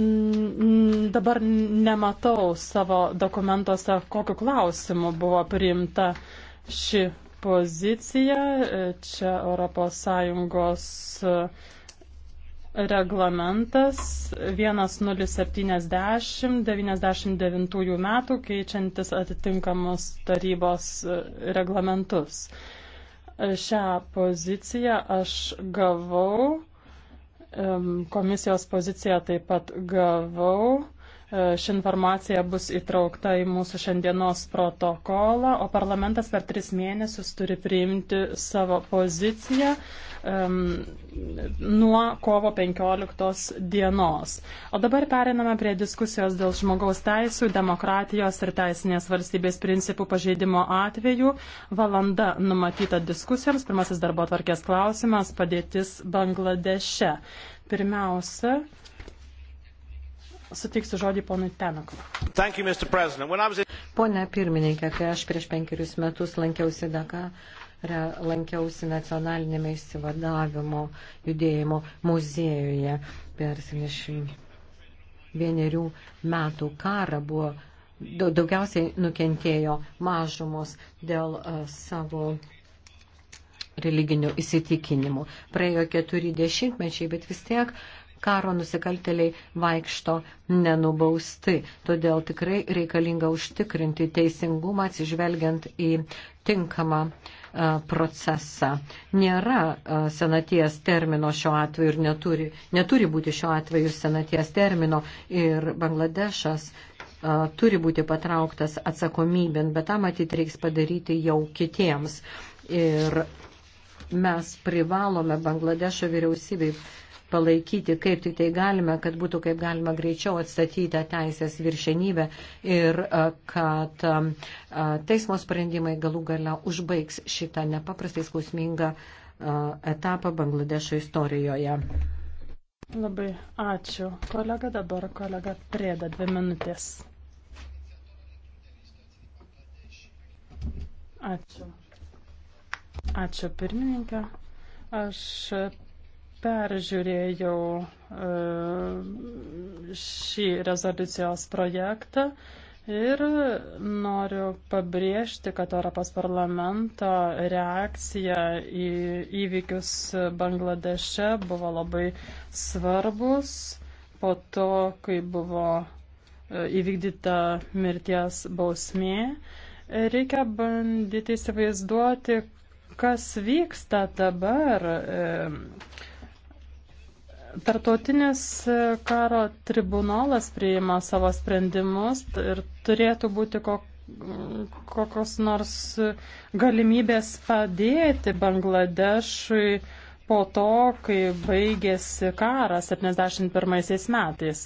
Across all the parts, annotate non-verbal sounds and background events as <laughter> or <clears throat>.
Mm, dabar nematau savo dokumentuose, kokiu klausimu buvo priimta ši pozicija. Čia ES e, reglamentas 1070-99 metų, keičiantis atitinkamus tarybos e, reglamentus. E, šią poziciją aš gavau Komisijos poziciją taip pat gavau. E, ši informacija bus įtraukta į mūsų šiandienos protokolą, o parlamentas per tris mėnesius turi priimti savo poziciją um, nuo kovo 15 dienos. O dabar periname prie diskusijos dėl žmogaus teisų, demokratijos ir teisinės valstybės principų pažeidimo atveju. Valanda numatyta diskusijoms. Pirmasis darbo atvarkės klausimas - padėtis Bangladeše. Pirmiausia, Suteiksiu žodį ponui Tenokui. In... Pone pirmininkė, kai aš prieš penkerius metus lankiausi Dakare, lankiausi nacionalinėme išsivadavimo judėjimo muziejuje per 71 metų karą buvo daugiausiai nukentėjo mažumos dėl e, savo religinių įsitikinimų. Praėjo keturi dešimtmečiai, bet vis tiek uh, karo nusikalteliai vaikšto nenubausti. Todėl tikrai reikalinga užtikrinti teisingumą atsižvelgiant į tinkamą e, procesą. Nėra e, senaties termino šiuo atveju ir neturi, neturi būti šiuo atveju senaties termino ir Bangladešas e, turi būti patrauktas atsakomybėn, bet tą matyt reiks padaryti jau kitiems. Ir mes privalome Bangladešo vyriausybei palaikyti, kaip tik tai galime, kad būtų kaip galima greičiau atstatyta teisės viršenybė ir e, kad e, e, teismo sprendimai galų gale užbaigs šitą nepaprastai skausmingą etapą Bangladešo istorijoje. Labai ačiū. Kolega dabar, kolega Prėda, dvi minutės. Ačiū. Ačiū pirmininkė. Aš peržiūrėjau e, šį rezoliucijos projektą ir noriu pabrėžti, kad Europos parlamento reakcija į įvykius Bangladeše buvo labai svarbus po to, kai buvo e, įvykdyta mirties bausmė. Reikia bandyti įsivaizduoti, kas vyksta dabar. E, Tartautinis e, karo tribunolas priima savo sprendimus ir turėtų būti kok kokios nors galimybės padėti Bangladešui po to, kai baigėsi karas 71 metais.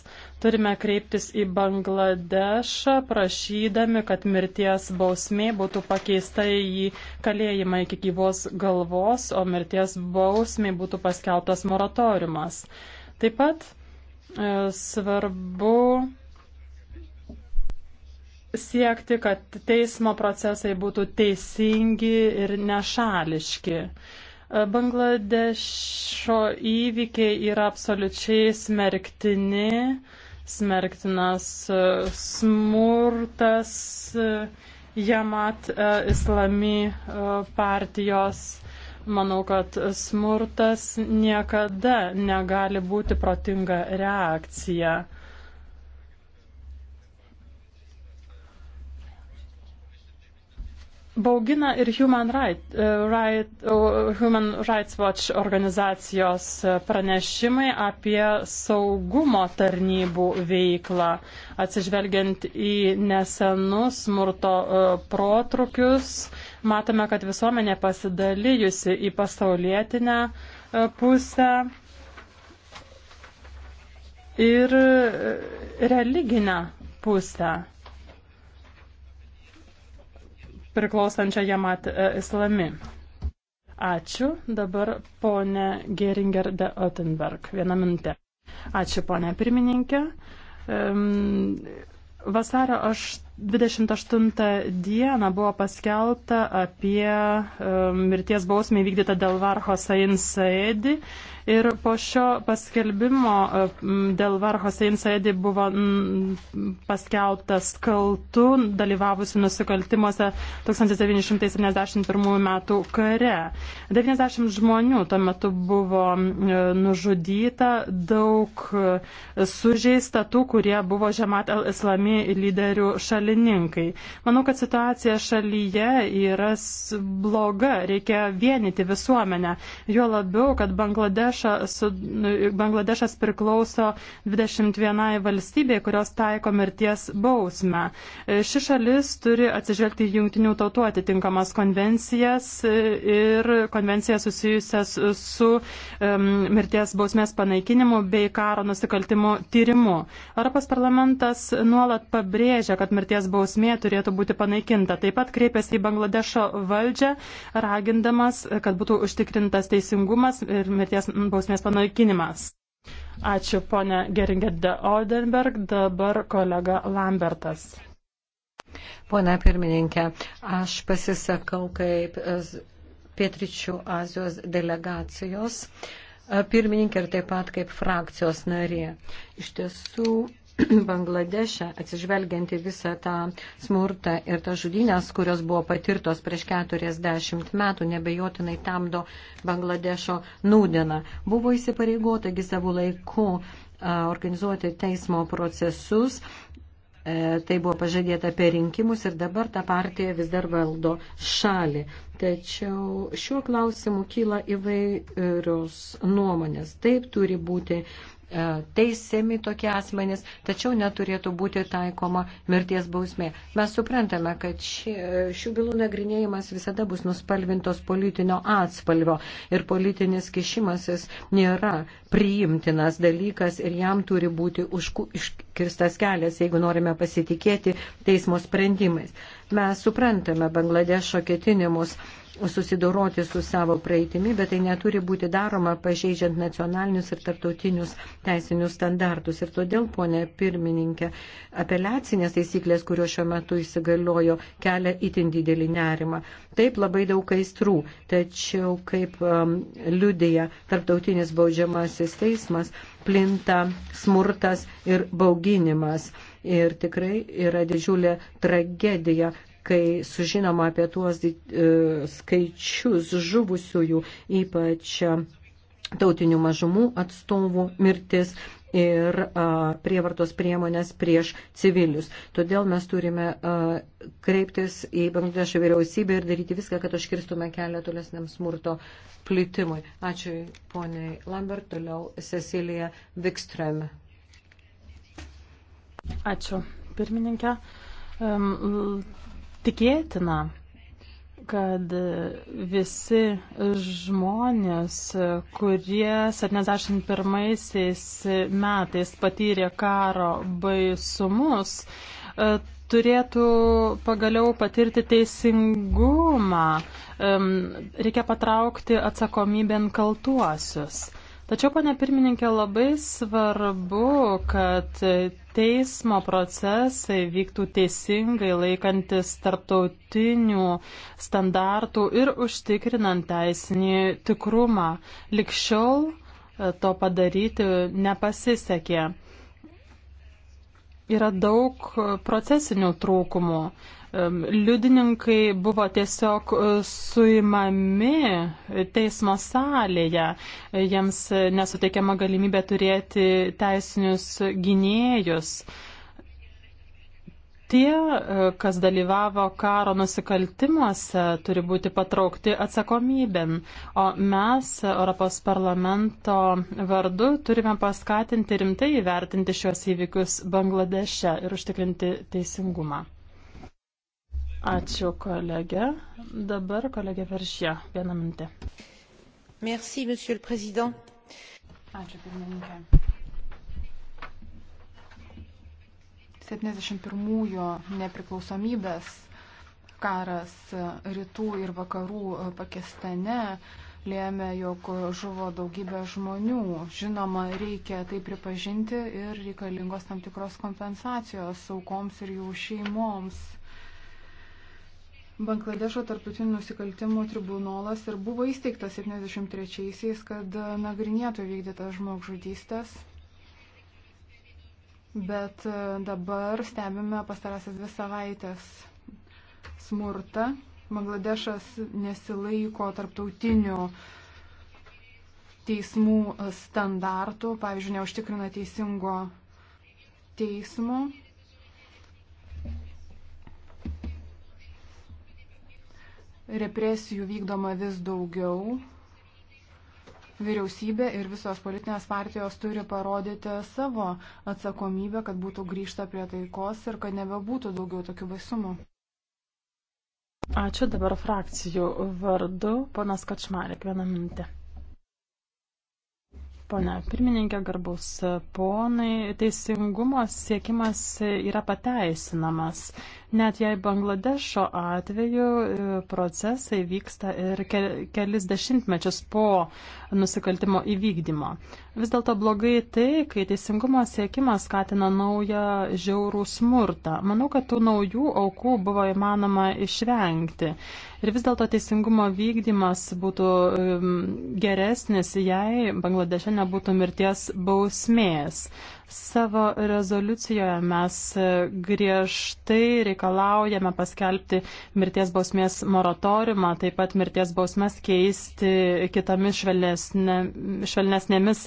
Turime kreiptis į Bangladešą, prašydami, kad mirties bausmė būtų pakeista į kalėjimą iki gyvos galvos, o mirties bausmė būtų paskeltas moratoriumas. Taip pat e, svarbu siekti, kad teismo procesai būtų teisingi ir nešališki. E, Bangladešo įvykiai yra absoliučiai smerktini, smerktinas e, smurtas e, Jamat e, Islami partijos. Manau, kad smurtas niekada negali būti protinga reakcija. Baugina ir Human, right, e, right, Human Rights Watch organizacijos e, pranešimai apie saugumo tarnybų veiklą, atsižvelgiant į nesenus smurto e, protrukius. Matome, kad visuomenė pasidalijusi į pasaulietinę pusę ir religinę pusę priklausančią Jamat e, Islami. Ačiū. Dabar ponė Geringer de Ottenberg. Vieną minutę. Ačiū, ponė pirmininkė. Vasario 8. 28 dieną buvo paskelbta apie e, mirties bausmę įvykdytą dėl Varho Sain Saedi ir po šio paskelbimo e, dėl Varho Sain Saedi buvo paskelbtas kaltu dalyvavusi nusikaltimuose 1971 metų kare. 90 žmonių tuo metu buvo e, nužudyta, daug sužeista tų, kurie buvo žemat al-Islami lyderių šalia šalininkai. Manau, kad situacija šalyje yra bloga, reikia vienyti visuomenę. Jo labiau, kad Bangladeša, su, nu, Bangladešas priklauso 21 valstybė, kurios taiko mirties bausmę. E, ši šalis turi atsižvelgti jungtinių tautų atitinkamas konvencijas e, ir konvencijas susijusias su um, mirties bausmės panaikinimu bei karo nusikaltimu tyrimu. Europos parlamentas nuolat pabrėžia, kad mirties mirties bausmė turėtų būti panaikinta. Taip pat kreipėsi į Bangladešo valdžią, ragindamas, kad būtų užtikrintas teisingumas ir mirties bausmės panaikinimas. Ačiū, ponė Geringer de Oldenberg, dabar kolega Lambertas. Pone pirmininkė, aš pasisakau kaip Pietričių Azijos delegacijos pirmininkė ir taip pat kaip frakcijos narė. Iš tiesų, <clears throat> Bangladeše, atsižvelgianti visą tą smurtą ir tą žudynės, kurios buvo patirtos prieš 40 metų, nebejotinai tamdo Bangladešo nūdieną. Buvo įsipareigotagi savų laikų organizuoti teismo procesus, e, tai buvo pažadėta per rinkimus ir dabar ta partija vis dar valdo šalį. Tačiau šiuo klausimu kyla įvairios nuomonės. Taip turi būti E, teisėmi tokie asmenys, tačiau neturėtų būti taikoma mirties bausmė. Mes suprantame, kad ši, šių bylų nagrinėjimas visada bus nuspalvintos politinio atspalvio ir politinis kišimasis nėra priimtinas dalykas ir jam turi būti užkirstas kelias, jeigu norime pasitikėti teismo sprendimais. Mes suprantame Bangladešo ketinimus susidoroti su savo praeitimi, bet tai neturi būti daroma pažeidžiant nacionalinius ir tarptautinius teisinius standartus. Ir todėl, ponė pirmininkė, apeliacinės taisyklės, kurios šiuo metu įsigaliojo, kelia itin didelį nerimą. Taip labai daug aistrų, tačiau kaip um, liudėja tarptautinis baudžiamasis teismas, plinta smurtas ir bauginimas. Ir tikrai yra didžiulė tragedija, kai sužinoma apie tuos e, skaičius žuvusiųjų, ypač e, tautinių mažumų atstovų mirtis ir e, prievartos priemonės prieš civilius. Todėl mes turime kreiptis į Bangladešo vyriausybę ir daryti viską, kad užkirstume kelią tolesniam smurto plitimui. Ačiū poniai Lambert, toliau Cecilija Vikström. Ačiū, pirmininkė. Tikėtina, kad visi žmonės, kurie 71 metais patyrė karo baisumus, e, turėtų pagaliau patirti teisingumą, reikia patraukti atsakomybėn kaltuosius. Tačiau, pane pirmininkė, labai svarbu, kad teismo procesai vyktų teisingai laikantis tarptautinių standartų ir užtikrinant teisinį tikrumą. Likščiau e, to padaryti nepasisekė yra daug e, procesinių trūkumų. Liudininkai buvo tiesiog e, suimami e, teismo salėje, jiems nesuteikiama galimybė turėti teisinius gynėjus tie, e, kas dalyvavo karo nusikaltimuose, turi būti patraukti atsakomybėn. O mes, Europos parlamento vardu, turime paskatinti rimtai įvertinti šios įvykius Bangladeše ir užtikrinti teisingumą. Ačiū, kolegė. Dabar kolegė Veršė, vieną mintį. Merci, monsieur le président. Ačiū, pirmininkė. 71-ųjų nepriklausomybės karas rytų ir vakarų Pakistane lėmė, jog žuvo daugybė žmonių. Žinoma, reikia tai pripažinti ir reikalingos tam tikros kompensacijos aukoms ir jų šeimoms. Bangladešo tarptautinių nusikaltimų tribunolas ir buvo įsteigtas 73-aisiais, kad nagrinėtų vykdytas žmogžudystės bet e, dabar stebime pastarąsias dvi savaitės smurtą. Bangladešas nesilaiko tarptautinių teismų standartų, pavyzdžiui, neužtikrina teisingo teismo. Represijų vykdoma vis daugiau vyriausybė ir visos politinės partijos turi parodyti savo atsakomybę, kad būtų grįžta prie taikos ir kad nebebūtų daugiau tokių baisumų. Ačiū dabar frakcijų vardu, ponas Kačmarek, vieną minutę. Pone pirmininkė, garbus ponai, teisingumo siekimas yra pateisinamas. Net jei Bangladešo atveju e, procesai vyksta ir kelis dešimtmečius po nusikaltimo įvykdymo. Vis dėlto blogai tai, kai teisingumo siekimas skatina naują žiaurų smurtą. Manau, kad tų naujų aukų buvo įmanoma išvengti. Ir vis dėlto teisingumo vykdymas būtų geresnis, jei Bangladeše nebūtų mirties bausmės. Savo rezoliucijoje mes e, griežtai reikalaujame paskelbti mirties bausmės moratoriumą, taip pat mirties bausmės keisti kitomis švelnesnė, švelnesnėmis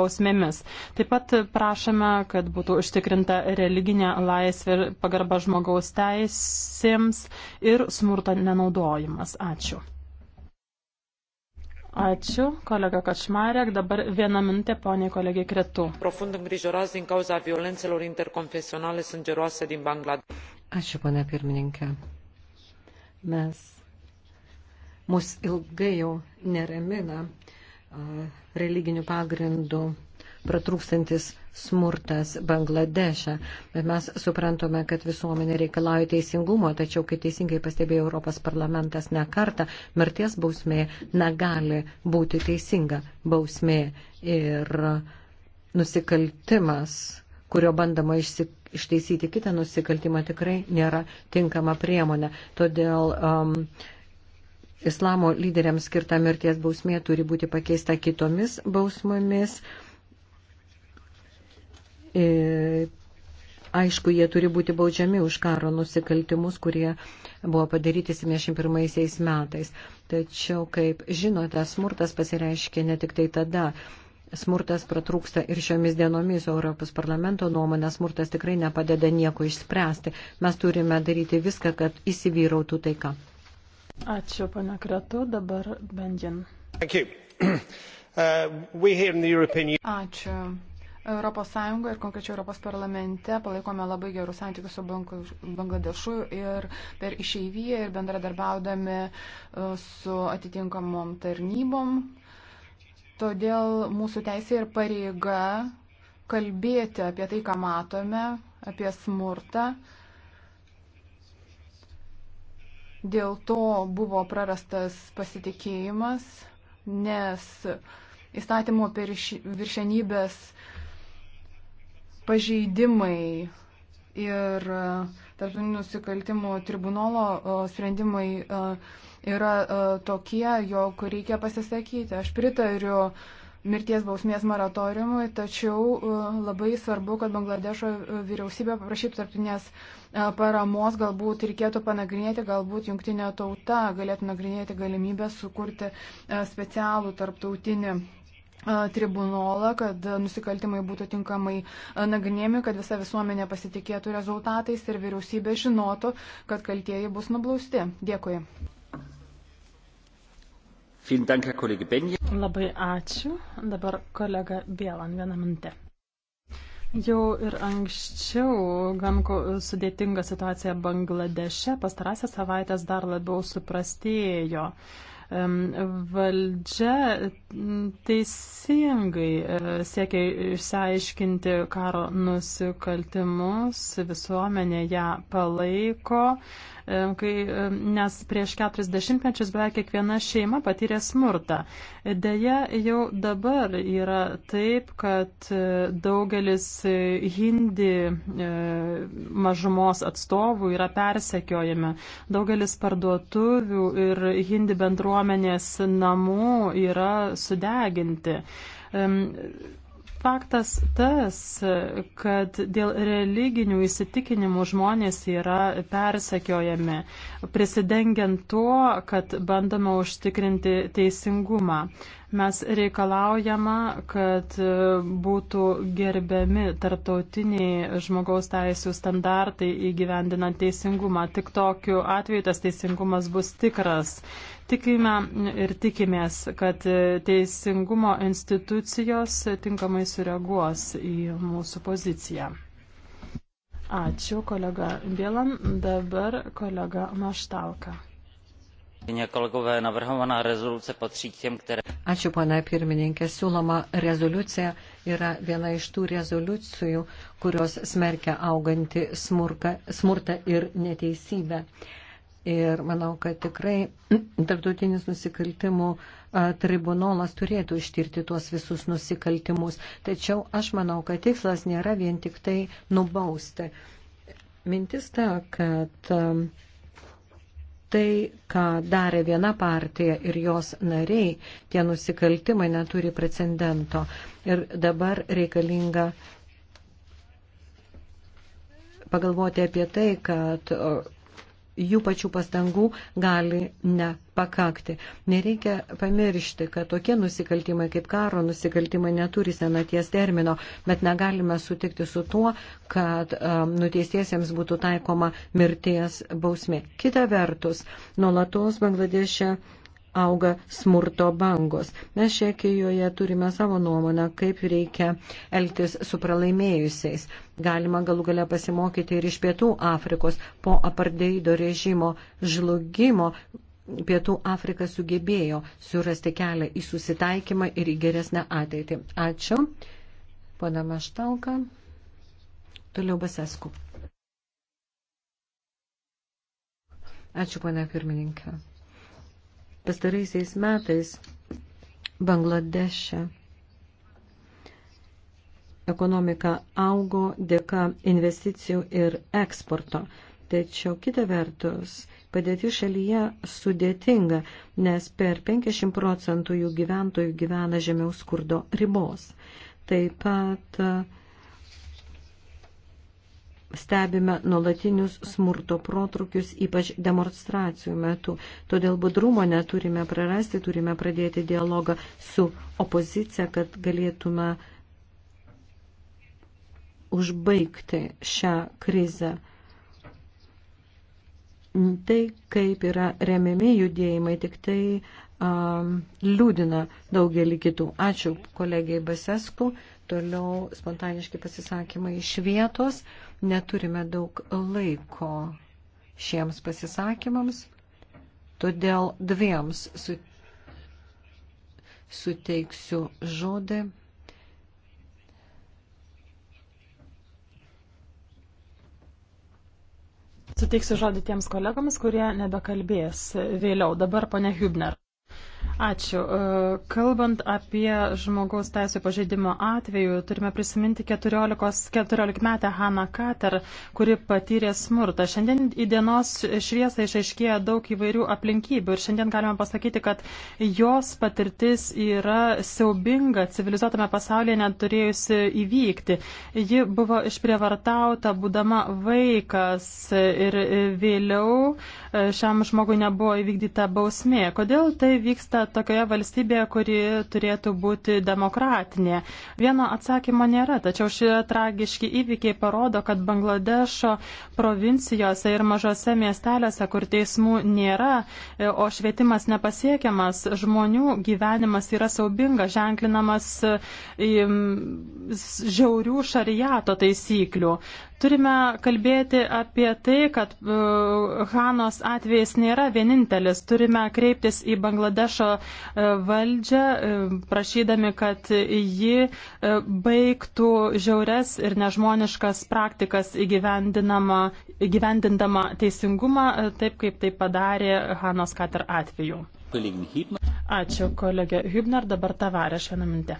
bausmėmis. Taip pat prašome, kad būtų užtikrinta religinė laisvė ir pagarba žmogaus teisėms ir smurto nenaudojimas. Ačiū. Ačiū, kolega Kačmarek. Dabar vieną minutę, poniai kolegė Kretų. Profund îngrijorați din cauza violențelor interconfesionale sângeroase din Bangladesh. Ačiū, ponia pirmininkė. Mes, mus ilgai jau neramina religinių pagrindų pratrūkstantis smurtas Bangladeše. Bet mes suprantame, kad visuomenė reikalauja teisingumo, tačiau, kaip teisingai pastebėjo Europos parlamentas ne kartą, mirties bausmė negali būti teisinga bausmė ir nusikaltimas, kurio bandama išsikalti išteisyti kitą nusikaltimą tikrai nėra tinkama priemonė. Todėl um, islamo lyderiams skirta mirties bausmė turi būti pakeista kitomis bausmomis. Um, E, aišku, jie turi būti baudžiami už karo nusikaltimus, kurie buvo padaryti 71 metais. Tačiau, kaip žinote, smurtas pasireiškia ne tik tai tada, smurtas pratrūksta ir šiomis dienomis Europos parlamento nuomonė, smurtas tikrai nepadeda nieko išspręsti. Mes turime daryti viską, kad įsivyrautų taika. Ačiū, pana Kretu, dabar Bendin. <clears throat> Uh, Ačiū. Uh, European... Ačiū. ES ir konkrečiai Europos parlamente palaikome labai gerus santykius su Bangladešu ir per išeiviją ir bendradarbiaudami e, su atitinkamom tarnybom. Todėl mūsų teisė ir pareiga kalbėti apie tai, ką matome, apie smurtą. Dėl to buvo prarastas pasitikėjimas, nes įstatymo viršenybės pažeidimai ir e, tarptautinių nusikaltimų tribunolo e, sprendimai e, yra tokie, jog reikia pasisakyti. Aš pritariu mirties bausmės moratoriumui, tačiau labai svarbu, kad Bangladešo vyriausybė paprašytų tarptautinės paramos, galbūt reikėtų panagrinėti, galbūt jungtinė tauta galėtų nagrinėti galimybę sukurti specialų tarptautinį tribunolą, kad nusikaltimai būtų tinkamai nagrinėjami, kad visa visuomenė pasitikėtų rezultatais ir vyriausybė žinotų, kad kaltieji bus nublausti. Dėkui. Labai ačiū. Dabar kolega Bielan vieną minutę. Jau ir anksčiau gan sudėtinga situacija Bangladeše pastarąsias savaitės dar labiau suprastėjo. Valdžia teisingai e, siekia išsiaiškinti karo nusikaltimus, visuomenė ją palaiko, E, kai, e, nes prieš 40 mečius beveik kiekviena šeima patyrė smurtą. Deja, jau dabar yra taip, kad e, daugelis hindi mažumos atstovų yra persekiojami. Daugelis parduotuvių ir hindi bendruomenės namų yra sudeginti. Faktas tas, kad dėl religinių įsitikinimų žmonės yra persekiojami, prisidengiant tuo, kad bandoma užtikrinti teisingumą. Mes reikalaujama, kad būtų gerbiami tarptautiniai žmogaus teisų standartai įgyvendinant teisingumą. Tik tokiu atveju tas teisingumas bus tikras. Tikime ir tikimės, kad teisingumo institucijos tinkamai sureaguos į mūsų poziciją. Ačiū, kolega Bielan. Dabar kolega Maštalka. Ačiū, pana pirmininkė. Siūloma rezoliucija yra viena iš tų rezoliucijų, kurios smerkia augantį smurką, smurtą ir neteisybę. Ir manau, kad tikrai <clears throat> tarptautinis nusikaltimų tribunolas turėtų ištirti tuos visus nusikaltimus. Tačiau aš manau, kad tikslas nėra vien tik tai nubausti. Mintis ta, kad tai, ką darė viena partija ir jos nariai, tie nusikaltimai neturi precedento. Ir dabar reikalinga pagalvoti apie tai, kad jų pačių pastangų gali nepakakti. Nereikia pamiršti, kad tokie nusikaltimai kaip karo nusikaltimai neturi senaties termino, bet negalime sutikti su tuo, kad um, nuteistiesiems būtų taikoma mirties bausmė. Kita vertus, nuolatos Bangladeše auga smurto bangos. Mes Čekijoje turime savo nuomonę, kaip reikia elgtis su pralaimėjusiais. Galima galų gale pasimokyti ir iš Pietų Afrikos po apardeido režimo žlugimo. Pietų Afrika sugebėjo surasti kelią į susitaikymą ir į geresnę ateitį. Ačiū. Pana Maštalka. Toliau Basesku. Ačiū, pana pirmininkė. Pastaraisiais metais Bangladeše ekonomika augo dėka investicijų ir eksporto. Tačiau kita vertus, padėti šalyje sudėtinga, nes per 50 procentų jų gyventojų gyvena žemiaus skurdo ribos. Taip pat uh, stebime nuolatinius smurto protrukius, ypač demonstracijų metu. Todėl budrumo neturime prarasti, turime pradėti dialogą su opozicija, kad galėtume užbaigti šią krizę. Tai, kaip yra remiami judėjimai, tik tai um, liūdina daugelį kitų. Ačiū kolegijai Basesku. Toliau spontaniški pasisakymai iš vietos. Neturime daug laiko šiems pasisakymams, todėl dviems su, suteiksiu žodį. Suteiksiu žodį tiems kolegoms, kurie nebekalbės vėliau. Dabar ponia Hübner. Ačiū. E, kalbant apie žmogaus teisų pažeidimo atveju, turime prisiminti 14, 14 metę Haną Kater, kuri patyrė smurtą. Šiandien į dienos šviesą išaiškėjo daug įvairių aplinkybių ir šiandien galime pasakyti, kad jos patirtis yra siaubinga, civilizuotame pasaulyje neturėjusi įvykti. Ji buvo išprievartauta, būdama vaikas ir vėliau e, šiam žmogui nebuvo įvykdyta bausmė. Kodėl tai vyksta tokioje valstybėje, kuri turėtų būti demokratinė? Vieno atsakymo nėra, tačiau šie tragiški įvykiai parodo, kad Bangladešo provincijose ir mažose miestelėse, kur teismų nėra, e, o švietimas nepasiekiamas, žmonių gyvenimas yra saubingas, ženklinamas e, žiaurių šariato taisyklių. Turime kalbėti apie tai, kad e, Hanos atvejais nėra vienintelis. Turime kreiptis į Bangladešo E, valdžią, e, prašydami, kad ji e, baigtų žiaures ir nežmoniškas praktikas įgyvendindama teisingumą, taip kaip tai padarė Hanos Kater atveju. Ačiū, kolegė Hübner, dabar tavarė šią mintę.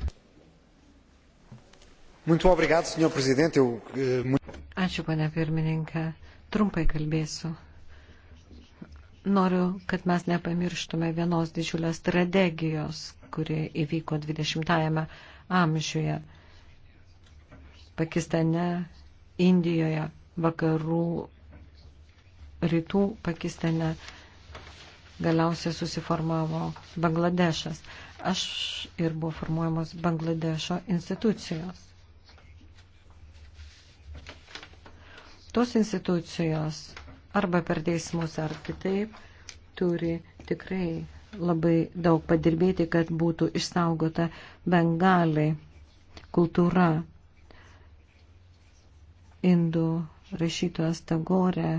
Ačiū, pane pirmininkė. Trumpai kalbėsiu. Noriu, kad mes nepamirštume vienos didžiulės strategijos, kuri įvyko 20-ame amžiuje. Pakistane, Indijoje, vakarų, rytų Pakistane galiausiai susiformavo Bangladešas. Aš ir buvo formuojamos Bangladešo institucijos. Tos institucijos arba per teismus ar kitaip turi tikrai labai daug padirbėti, kad būtų išsaugota bengaliai kultūra. Indų rašytojas Tagore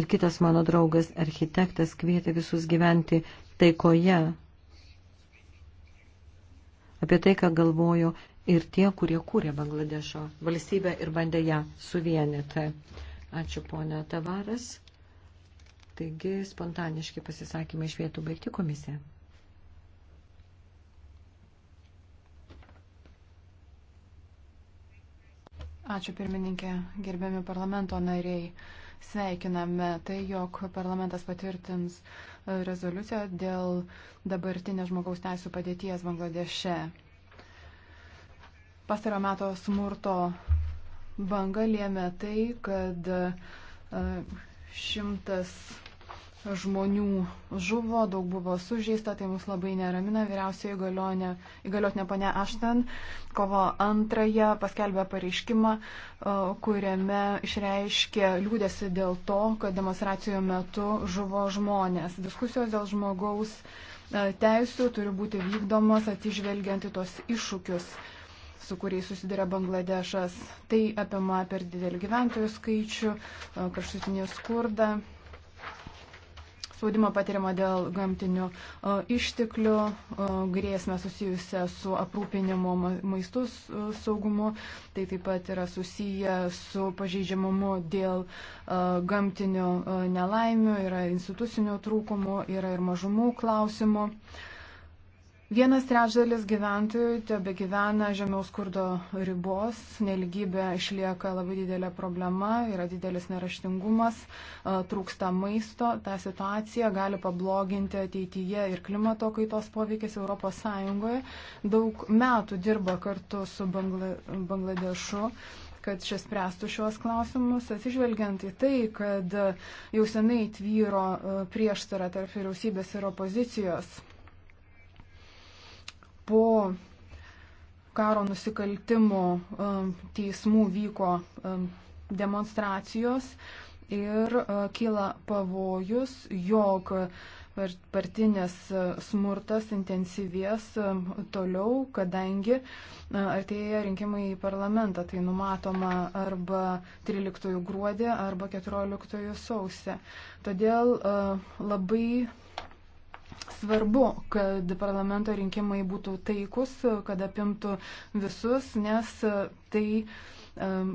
ir kitas mano draugas architektas kvietė visus gyventi taikoje. Apie tai, ką galvojo ir tie, kurie kūrė Bangladešo valstybę ir bandė ją suvienyti. Ačiū ponia Tavaras. Taigi spontaniški pasisakymai iš vietų baigti komisiją. Ačiū pirmininkė, gerbiami parlamento nariai. Sveikiname tai, jog parlamentas patvirtins rezoliuciją dėl dabartinės žmogaus teisų padėties Bangladeše. Pastarojo meto smurto banga lėmė tai, kad e, šimtas žmonių žuvo, daug buvo sužeista, tai mus labai neramina. Vyriausioji įgaliotinė ponia Ašten kovo antrąją paskelbė pareiškimą, e, kuriame išreiškė liūdėsi dėl to, kad demonstracijų metu žuvo žmonės. Diskusijos dėl žmogaus e, teisų turi būti vykdomos atsižvelgiant į tos iššūkius su kuriais susiduria Bangladešas. Tai apima per didelį gyventojų skaičių, e, kraštutinį skurdą, spaudimą patiriamą dėl gamtinių e, išteklių, e, grėsmę susijusią su aprūpinimo maistus saugumu, tai taip pat yra susiję su pažeidžiamumu dėl gamtinių nelaimių, yra institucinių trūkumų, yra ir mažumų klausimų. Vienas trečdalis gyventojų tebe gyvena žemiau skurdo ribos, neligybė išlieka labai didelė problema, yra didelis neraštingumas, trūksta maisto, tą situaciją gali pabloginti ateityje ir klimato kaitos poveikis ES. Daug metų dirba kartu su Bangla, Bangladešu kad šis spręstų šios klausimus, atsižvelgiant į tai, kad jau senai tvyro prieštara tarp vyriausybės ir opozicijos po karo nusikaltimų um, teismų vyko um, demonstracijos ir uh, kyla pavojus, jog partinis uh, smurtas intensyvės um, toliau, kadangi uh, artėja rinkimai į parlamentą, tai numatoma arba 13 gruodį, arba 14 sausį. Todėl labai Svarbu, kad parlamento rinkimai būtų taikus, kad apimtų visus, nes tai um,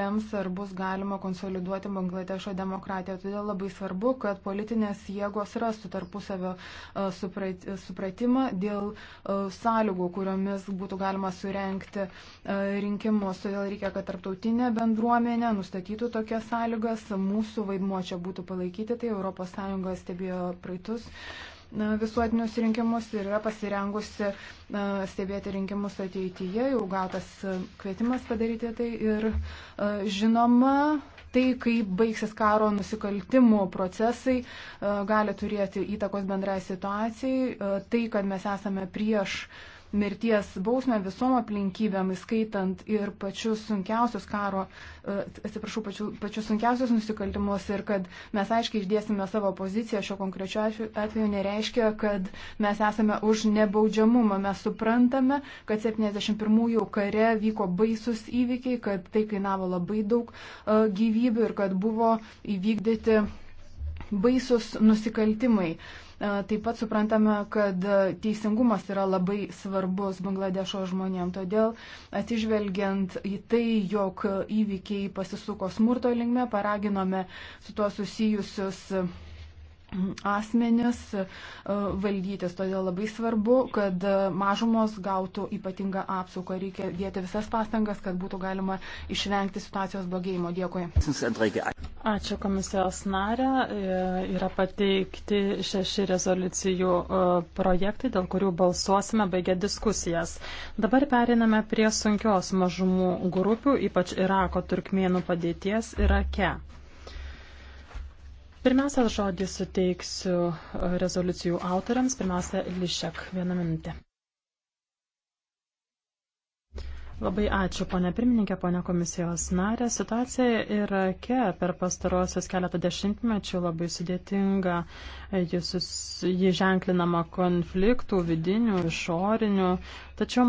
lems, ar bus galima konsoliduoti Bangladešo demokratiją. Todėl labai svarbu, kad politinės jėgos rastų tarpusavio e, supratimą dėl e, sąlygų, kuriomis būtų galima surenkti e, rinkimus. Todėl reikia, kad tarptautinė bendruomenė nustatytų tokias sąlygas. Mūsų vaidmuo čia būtų palaikyti, tai ES stebėjo praeitus visuotinius rinkimus ir yra pasirengusi stebėti rinkimus ateityje. Jau gautas e, kvietimas padaryti tai ir e, žinoma. Tai, kaip baigsis karo nusikaltimų procesai, e, gali turėti įtakos bendrai situacijai. Tai, kad mes esame prieš uh, mirties bausmę visom aplinkybėm, įskaitant ir pačius sunkiausius karo, e, atsiprašau, pačiu, pačius sunkiausius nusikaltimus ir kad mes aiškiai išdėsime savo poziciją šio konkrečio atveju nereiškia, kad mes esame už nebaudžiamumą. Mes suprantame, kad 71-ųjų kare vyko baisus įvykiai, kad tai kainavo labai daug e, gyvybių ir kad buvo įvykdyti baisus nusikaltimai. Uh, E, taip pat suprantame, kad teisingumas yra labai svarbus Bangladešo žmonėm. Todėl atsižvelgiant į tai, jog įvykiai pasisuko smurto linkme, paraginome su tuo susijusius asmenis e, valdytis. Todėl labai svarbu, kad mažumos gautų ypatingą apsaugą. Reikia dėti visas pastangas, kad būtų galima išvengti situacijos blogėjimo. Dėkui. Ačiū komisijos narė. E, yra pateikti šeši rezoliucijų e, projektai, dėl kurių balsuosime baigę diskusijas. Dabar periname prie sunkios mažumų grupių, ypač Irako turkmėnų padėties Irake. Pirmiausia, žodį suteiksiu e, rezoliucijų autoriams. Pirmiausia, Lišek, vieną minutę. Labai ačiū, ponė pirmininkė, ponė komisijos narė. Situacija Irake per pastarosius keletą dešimtmečių labai sudėtinga. E, ji, sus, ji ženklinama konfliktų, vidinių, išorinių. Tačiau